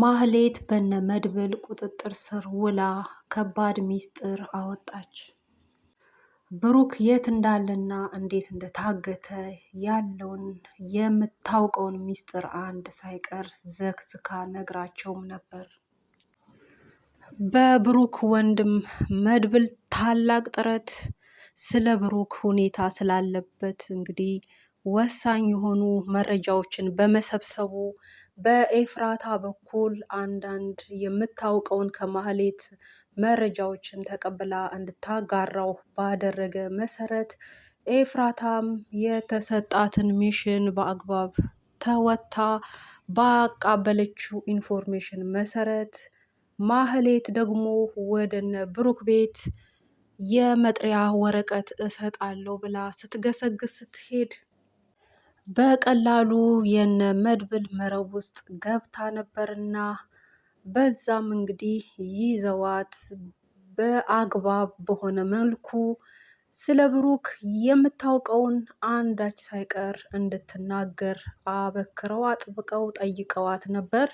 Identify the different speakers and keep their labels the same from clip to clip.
Speaker 1: ማህሌት በነ መድብል ቁጥጥር ስር ውላ ከባድ ሚስጥር አወጣች። ብሩክ የት እንዳለና እንዴት እንደታገተ ያለውን የምታውቀውን ሚስጥር አንድ ሳይቀር ዘክዝካ ነግራቸውም ነበር። በብሩክ ወንድም መድብል ታላቅ ጥረት ስለ ብሩክ ሁኔታ ስላለበት እንግዲህ ወሳኝ የሆኑ መረጃዎችን በመሰብሰቡ በኤፍራታ በኩል አንዳንድ የምታውቀውን ከማህሌት መረጃዎችን ተቀብላ እንድታጋራው ባደረገ መሰረት ኤፍራታም የተሰጣትን ሚሽን በአግባብ ተወታ ባቃበለችው ኢንፎርሜሽን መሰረት ማህሌት ደግሞ ወደነ ብሩክ ቤት የመጥሪያ ወረቀት እሰጣለሁ ብላ ስትገሰግስ ስትሄድ በቀላሉ የነ መድብል መረብ ውስጥ ገብታ ነበርና በዛም እንግዲህ ይዘዋት በአግባብ በሆነ መልኩ ስለ ብሩክ የምታውቀውን አንዳች ሳይቀር እንድትናገር አበክረው አጥብቀው ጠይቀዋት ነበር።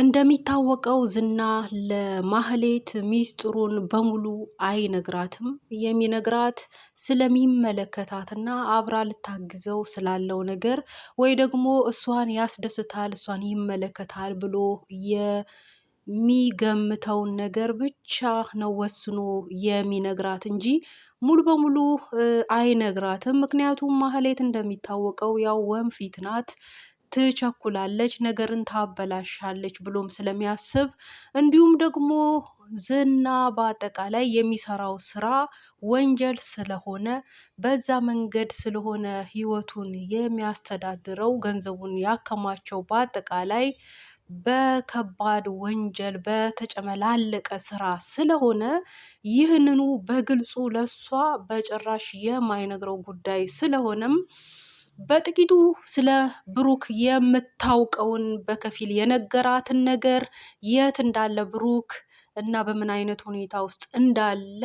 Speaker 1: እንደሚታወቀው ዝና ለማህሌት ሚስጥሩን በሙሉ አይነግራትም። የሚነግራት ስለሚመለከታትና አብራ ልታግዘው ስላለው ነገር ወይ ደግሞ እሷን ያስደስታል፣ እሷን ይመለከታል ብሎ የሚገምተውን ነገር ብቻ ነው ወስኖ የሚነግራት እንጂ ሙሉ በሙሉ አይነግራትም። ምክንያቱም ማህሌት እንደሚታወቀው ያው ወንፊት ናት። ትቸኩላለች፣ ነገርን ታበላሻለች ብሎም ስለሚያስብ እንዲሁም ደግሞ ዝና በአጠቃላይ የሚሰራው ስራ ወንጀል ስለሆነ በዛ መንገድ ስለሆነ ህይወቱን የሚያስተዳድረው ገንዘቡን ያከማቸው በአጠቃላይ በከባድ ወንጀል በተጨመላለቀ ስራ ስለሆነ ይህንኑ በግልጹ ለሷ በጭራሽ የማይነግረው ጉዳይ ስለሆነም በጥቂቱ ስለ ብሩክ የምታውቀውን በከፊል የነገራትን ነገር የት እንዳለ ብሩክ እና በምን አይነት ሁኔታ ውስጥ እንዳለ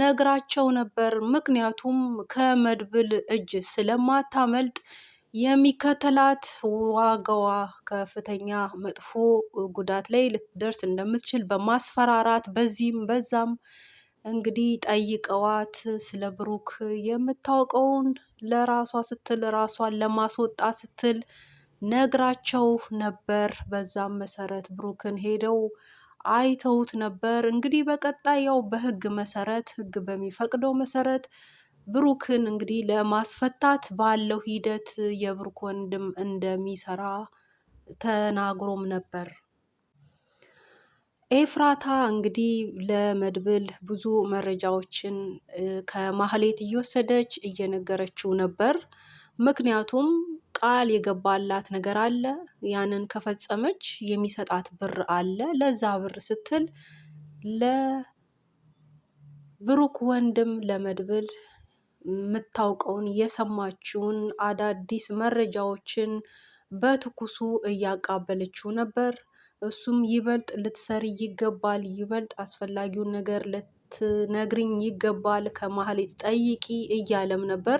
Speaker 1: ነግራቸው ነበር። ምክንያቱም ከመድብል እጅ ስለማታመልጥ የሚከተላት ዋጋዋ ከፍተኛ መጥፎ ጉዳት ላይ ልትደርስ እንደምትችል በማስፈራራት በዚህም በዛም እንግዲህ ጠይቀዋት ስለ ብሩክ የምታውቀውን ለራሷ ስትል ራሷን ለማስወጣት ስትል ነግራቸው ነበር። በዛም መሰረት ብሩክን ሄደው አይተውት ነበር። እንግዲህ በቀጣይ ያው በህግ መሰረት ህግ በሚፈቅደው መሰረት ብሩክን እንግዲህ ለማስፈታት ባለው ሂደት የብሩክ ወንድም እንደሚሰራ ተናግሮም ነበር። ኤፍራታ እንግዲህ ለመድብል ብዙ መረጃዎችን ከማህሌት እየወሰደች እየነገረችው ነበር። ምክንያቱም ቃል የገባላት ነገር አለ። ያንን ከፈጸመች የሚሰጣት ብር አለ። ለዛ ብር ስትል ለብሩክ ወንድም ለመድብል የምታውቀውን የሰማችውን አዳዲስ መረጃዎችን በትኩሱ እያቃበለችው ነበር። እሱም ይበልጥ ልትሰሪ ይገባል፣ ይበልጥ አስፈላጊውን ነገር ልትነግሪኝ ይገባል፣ ከማህሌት ጠይቂ እያለም ነበር።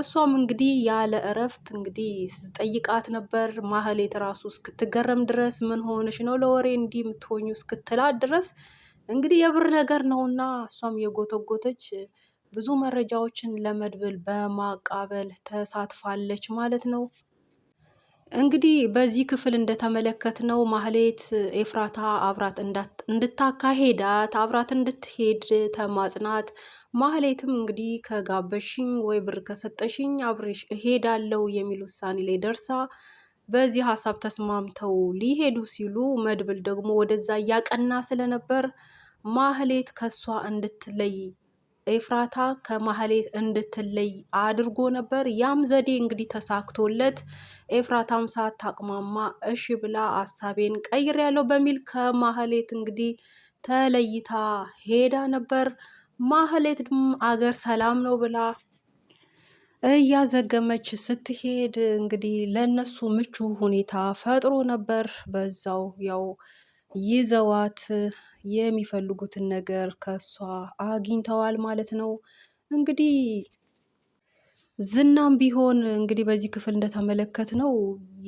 Speaker 1: እሷም እንግዲህ ያለ እረፍት እንግዲህ ስትጠይቃት ነበር። ማህሌት ራሱ እስክትገረም ድረስ ምን ሆነሽ ነው ለወሬ እንዲህ የምትሆኙ እስክትላት ድረስ እንግዲህ የብር ነገር ነውና እሷም የጎተጎተች ብዙ መረጃዎችን ለመድብል በማቃበል ተሳትፋለች ማለት ነው። እንግዲህ በዚህ ክፍል እንደተመለከትነው ማህሌት ኤፍራታ አብራት እንድታካሄዳት አብራት እንድትሄድ ተማጽናት። ማህሌትም እንግዲህ ከጋበሽኝ ወይ ብር ከሰጠሽኝ አብሬሽ እሄዳለሁ የሚል ውሳኔ ላይ ደርሳ በዚህ ሀሳብ ተስማምተው ሊሄዱ ሲሉ መድብል ደግሞ ወደዛ እያቀና ስለነበር ማህሌት ከሷ እንድትለይ ኤፍራታ ከማህሌት እንድትለይ አድርጎ ነበር። ያም ዘዴ እንግዲህ ተሳክቶለት ኤፍራታም ሳታቅማማ እሺ ብላ አሳቤን ቀይር ያለው በሚል ከማህሌት እንግዲህ ተለይታ ሄዳ ነበር። ድም አገር ሰላም ነው ብላ እያዘገመች ስትሄድ እንግዲህ ለነሱ ምቹ ሁኔታ ፈጥሮ ነበር። በዛው ያው ይዘዋት የሚፈልጉትን ነገር ከሷ አግኝተዋል ማለት ነው። እንግዲህ ዝናም ቢሆን እንግዲህ በዚህ ክፍል እንደተመለከት ነው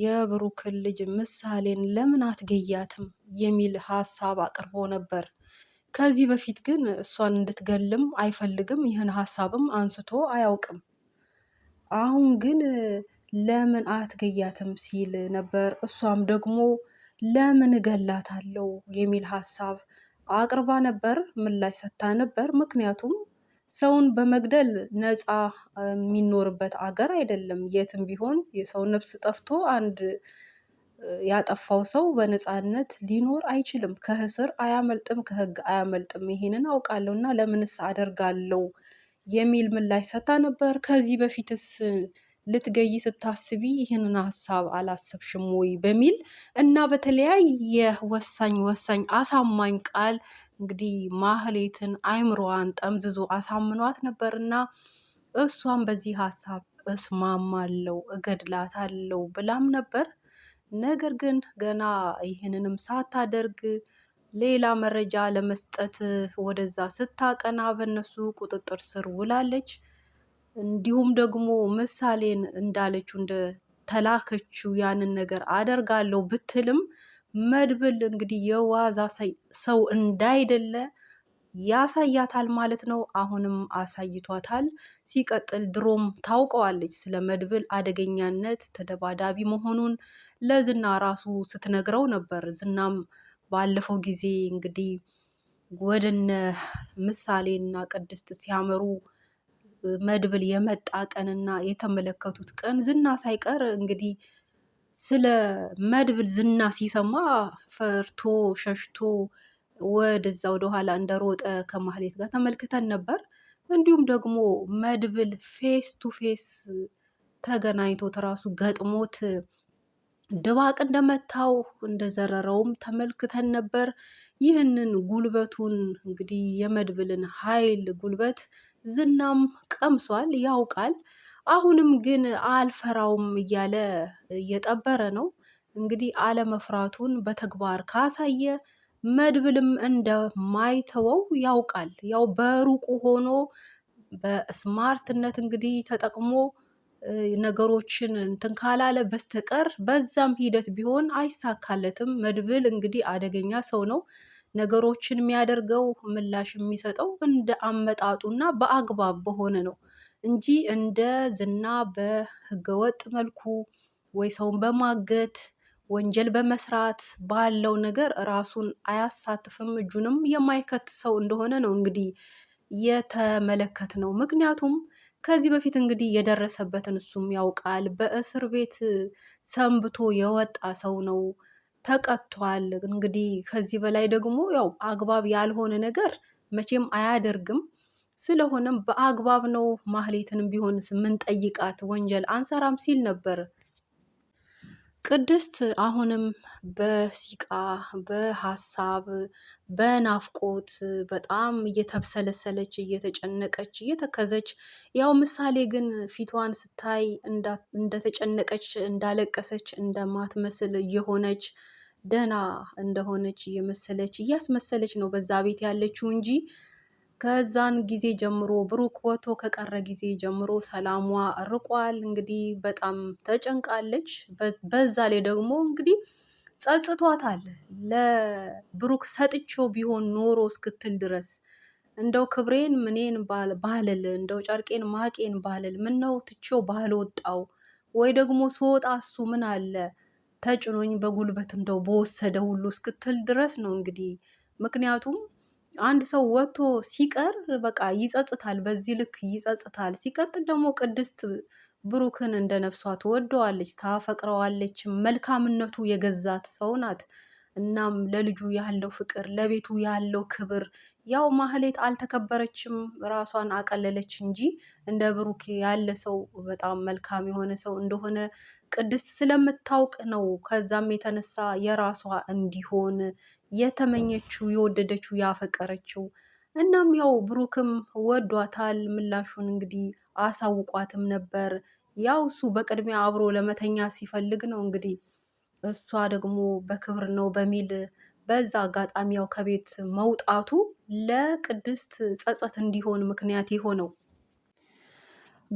Speaker 1: የብሩክን ልጅ ምሳሌን ለምን አትገያትም የሚል ሀሳብ አቅርቦ ነበር። ከዚህ በፊት ግን እሷን እንድትገልም አይፈልግም። ይህን ሀሳብም አንስቶ አያውቅም። አሁን ግን ለምን አትገያትም ሲል ነበር። እሷም ደግሞ ለምን እገላታለሁ የሚል ሀሳብ አቅርባ ነበር። ምላሽ ሰጥታ ነበር። ምክንያቱም ሰውን በመግደል ነፃ የሚኖርበት አገር አይደለም። የትም ቢሆን የሰው ነፍስ ጠፍቶ አንድ ያጠፋው ሰው በነፃነት ሊኖር አይችልም። ከእስር አያመልጥም፣ ከህግ አያመልጥም። ይሄንን አውቃለሁ እና ለምንስ አደርጋለሁ የሚል ምላሽ ሰጥታ ነበር። ከዚህ በፊትስ ልትገይ ስታስቢ ይህንን ሀሳብ አላሰብሽም ወይ በሚል እና በተለያየ ወሳኝ ወሳኝ አሳማኝ ቃል እንግዲህ ማህሌትን አይምሮዋን ጠምዝዞ አሳምኗት ነበርና እሷም በዚህ ሀሳብ እስማማለው እገድላታለው ብላም ነበር። ነገር ግን ገና ይህንንም ሳታደርግ ሌላ መረጃ ለመስጠት ወደዛ ስታቀና በነሱ ቁጥጥር ስር ውላለች። እንዲሁም ደግሞ ምሳሌን እንዳለችው እንደ ተላከችው ያንን ነገር አደርጋለሁ ብትልም መድብል እንግዲህ የዋዛ ሰው እንዳይደለ ያሳያታል ማለት ነው። አሁንም አሳይቷታል። ሲቀጥል ድሮም ታውቀዋለች ስለ መድብል አደገኛነት፣ ተደባዳቢ መሆኑን ለዝና ራሱ ስትነግረው ነበር። ዝናም ባለፈው ጊዜ እንግዲህ ወደነ ምሳሌና ቅድስት ሲያመሩ መድብል የመጣ ቀንና የተመለከቱት ቀን ዝና ሳይቀር እንግዲህ ስለ መድብል ዝና ሲሰማ ፈርቶ ሸሽቶ ወደዛ ወደኋላ እንደሮጠ ከማህሌት ጋር ተመልክተን ነበር። እንዲሁም ደግሞ መድብል ፌስ ቱ ፌስ ተገናኝቶት ራሱ ገጥሞት ድባቅ እንደመታው እንደዘረረውም ተመልክተን ነበር። ይህንን ጉልበቱን እንግዲህ የመድብልን ኃይል ጉልበት ዝናም ቀምሷል ያውቃል። አሁንም ግን አልፈራውም እያለ እየጠበረ ነው። እንግዲህ አለመፍራቱን በተግባር ካሳየ መድብልም እንደማይተወው ያውቃል። ያው በሩቁ ሆኖ በስማርትነት እንግዲህ ተጠቅሞ ነገሮችን እንትን ካላለ በስተቀር በዛም ሂደት ቢሆን አይሳካለትም። መድብል እንግዲህ አደገኛ ሰው ነው። ነገሮችን የሚያደርገው ምላሽ የሚሰጠው እንደ አመጣጡና በአግባብ በሆነ ነው እንጂ እንደ ዝና በህገወጥ መልኩ ወይ ሰውን በማገት ወንጀል በመስራት ባለው ነገር ራሱን አያሳትፍም፣ እጁንም የማይከት ሰው እንደሆነ ነው እንግዲህ የተመለከት ነው። ምክንያቱም ከዚህ በፊት እንግዲህ የደረሰበትን እሱም ያውቃል። በእስር ቤት ሰንብቶ የወጣ ሰው ነው። ተቀጥቷል። እንግዲህ ከዚህ በላይ ደግሞ ያው አግባብ ያልሆነ ነገር መቼም አያደርግም። ስለሆነም በአግባብ ነው ማህሌትንም ቢሆን ምንጠይቃት ወንጀል አንሰራም ሲል ነበር። ቅድስት አሁንም በሲቃ በሀሳብ በናፍቆት በጣም እየተብሰለሰለች እየተጨነቀች እየተከዘች ያው ምሳሌ ግን ፊቷን ስታይ እንደተጨነቀች እንዳለቀሰች እንደማትመስል እየሆነች ደህና እንደሆነች እየመሰለች እያስመሰለች ነው በዛ ቤት ያለችው እንጂ ከዛን ጊዜ ጀምሮ ብሩክ ወቶ ከቀረ ጊዜ ጀምሮ ሰላሟ ርቋል። እንግዲህ በጣም ተጨንቃለች። በዛ ላይ ደግሞ እንግዲህ ጸጽቷታል። ለብሩክ ሰጥቼው ቢሆን ኖሮ እስክትል ድረስ እንደው ክብሬን ምኔን ባልል፣ እንደው ጨርቄን ማቄን ባልል፣ ምነው ትቼው ባልወጣው ወይ ደግሞ ስወጣ እሱ ምን አለ ተጭኖኝ በጉልበት እንደው በወሰደ ሁሉ እስክትል ድረስ ነው እንግዲህ። ምክንያቱም አንድ ሰው ወጥቶ ሲቀር በቃ ይጸጽታል፣ በዚህ ልክ ይጸጽታል። ሲቀጥል ደግሞ ቅድስት ብሩክን እንደ ነፍሷ ትወደዋለች፣ ታፈቅረዋለች። መልካምነቱ የገዛት ሰው ናት። እናም ለልጁ ያለው ፍቅር፣ ለቤቱ ያለው ክብር ያው ማህሌት አልተከበረችም፣ ራሷን አቀለለች እንጂ እንደ ብሩክ ያለ ሰው በጣም መልካም የሆነ ሰው እንደሆነ ቅድስት ስለምታውቅ ነው። ከዛም የተነሳ የራሷ እንዲሆን የተመኘችው የወደደችው ያፈቀረችው እናም ያው ብሩክም ወዷታል። ምላሹን እንግዲህ አሳውቋትም ነበር። ያው እሱ በቅድሚያ አብሮ ለመተኛ ሲፈልግ ነው እንግዲህ እሷ ደግሞ በክብር ነው በሚል በዛ አጋጣሚ ያው ከቤት መውጣቱ ለቅድስት ጸጸት እንዲሆን ምክንያት የሆነው።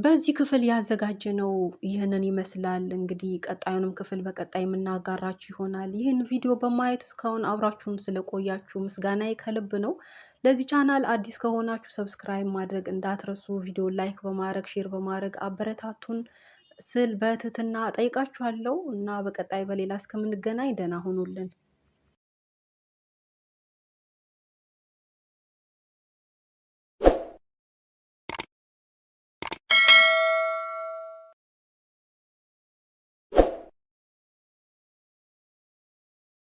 Speaker 1: በዚህ ክፍል ያዘጋጀነው ይህንን ይመስላል። እንግዲህ ቀጣዩንም ክፍል በቀጣይ የምናጋራችሁ ይሆናል። ይህን ቪዲዮ በማየት እስካሁን አብራችሁን ስለቆያችሁ ምስጋናዬ ከልብ ነው። ለዚህ ቻናል አዲስ ከሆናችሁ ሰብስክራይብ ማድረግ እንዳትረሱ፣ ቪዲዮ ላይክ በማድረግ ሼር በማድረግ አበረታቱን። ስል በትህትና ጠይቃችኋለሁ እና በቀጣይ በሌላ እስከምንገናኝ ደህና ሁኑልን።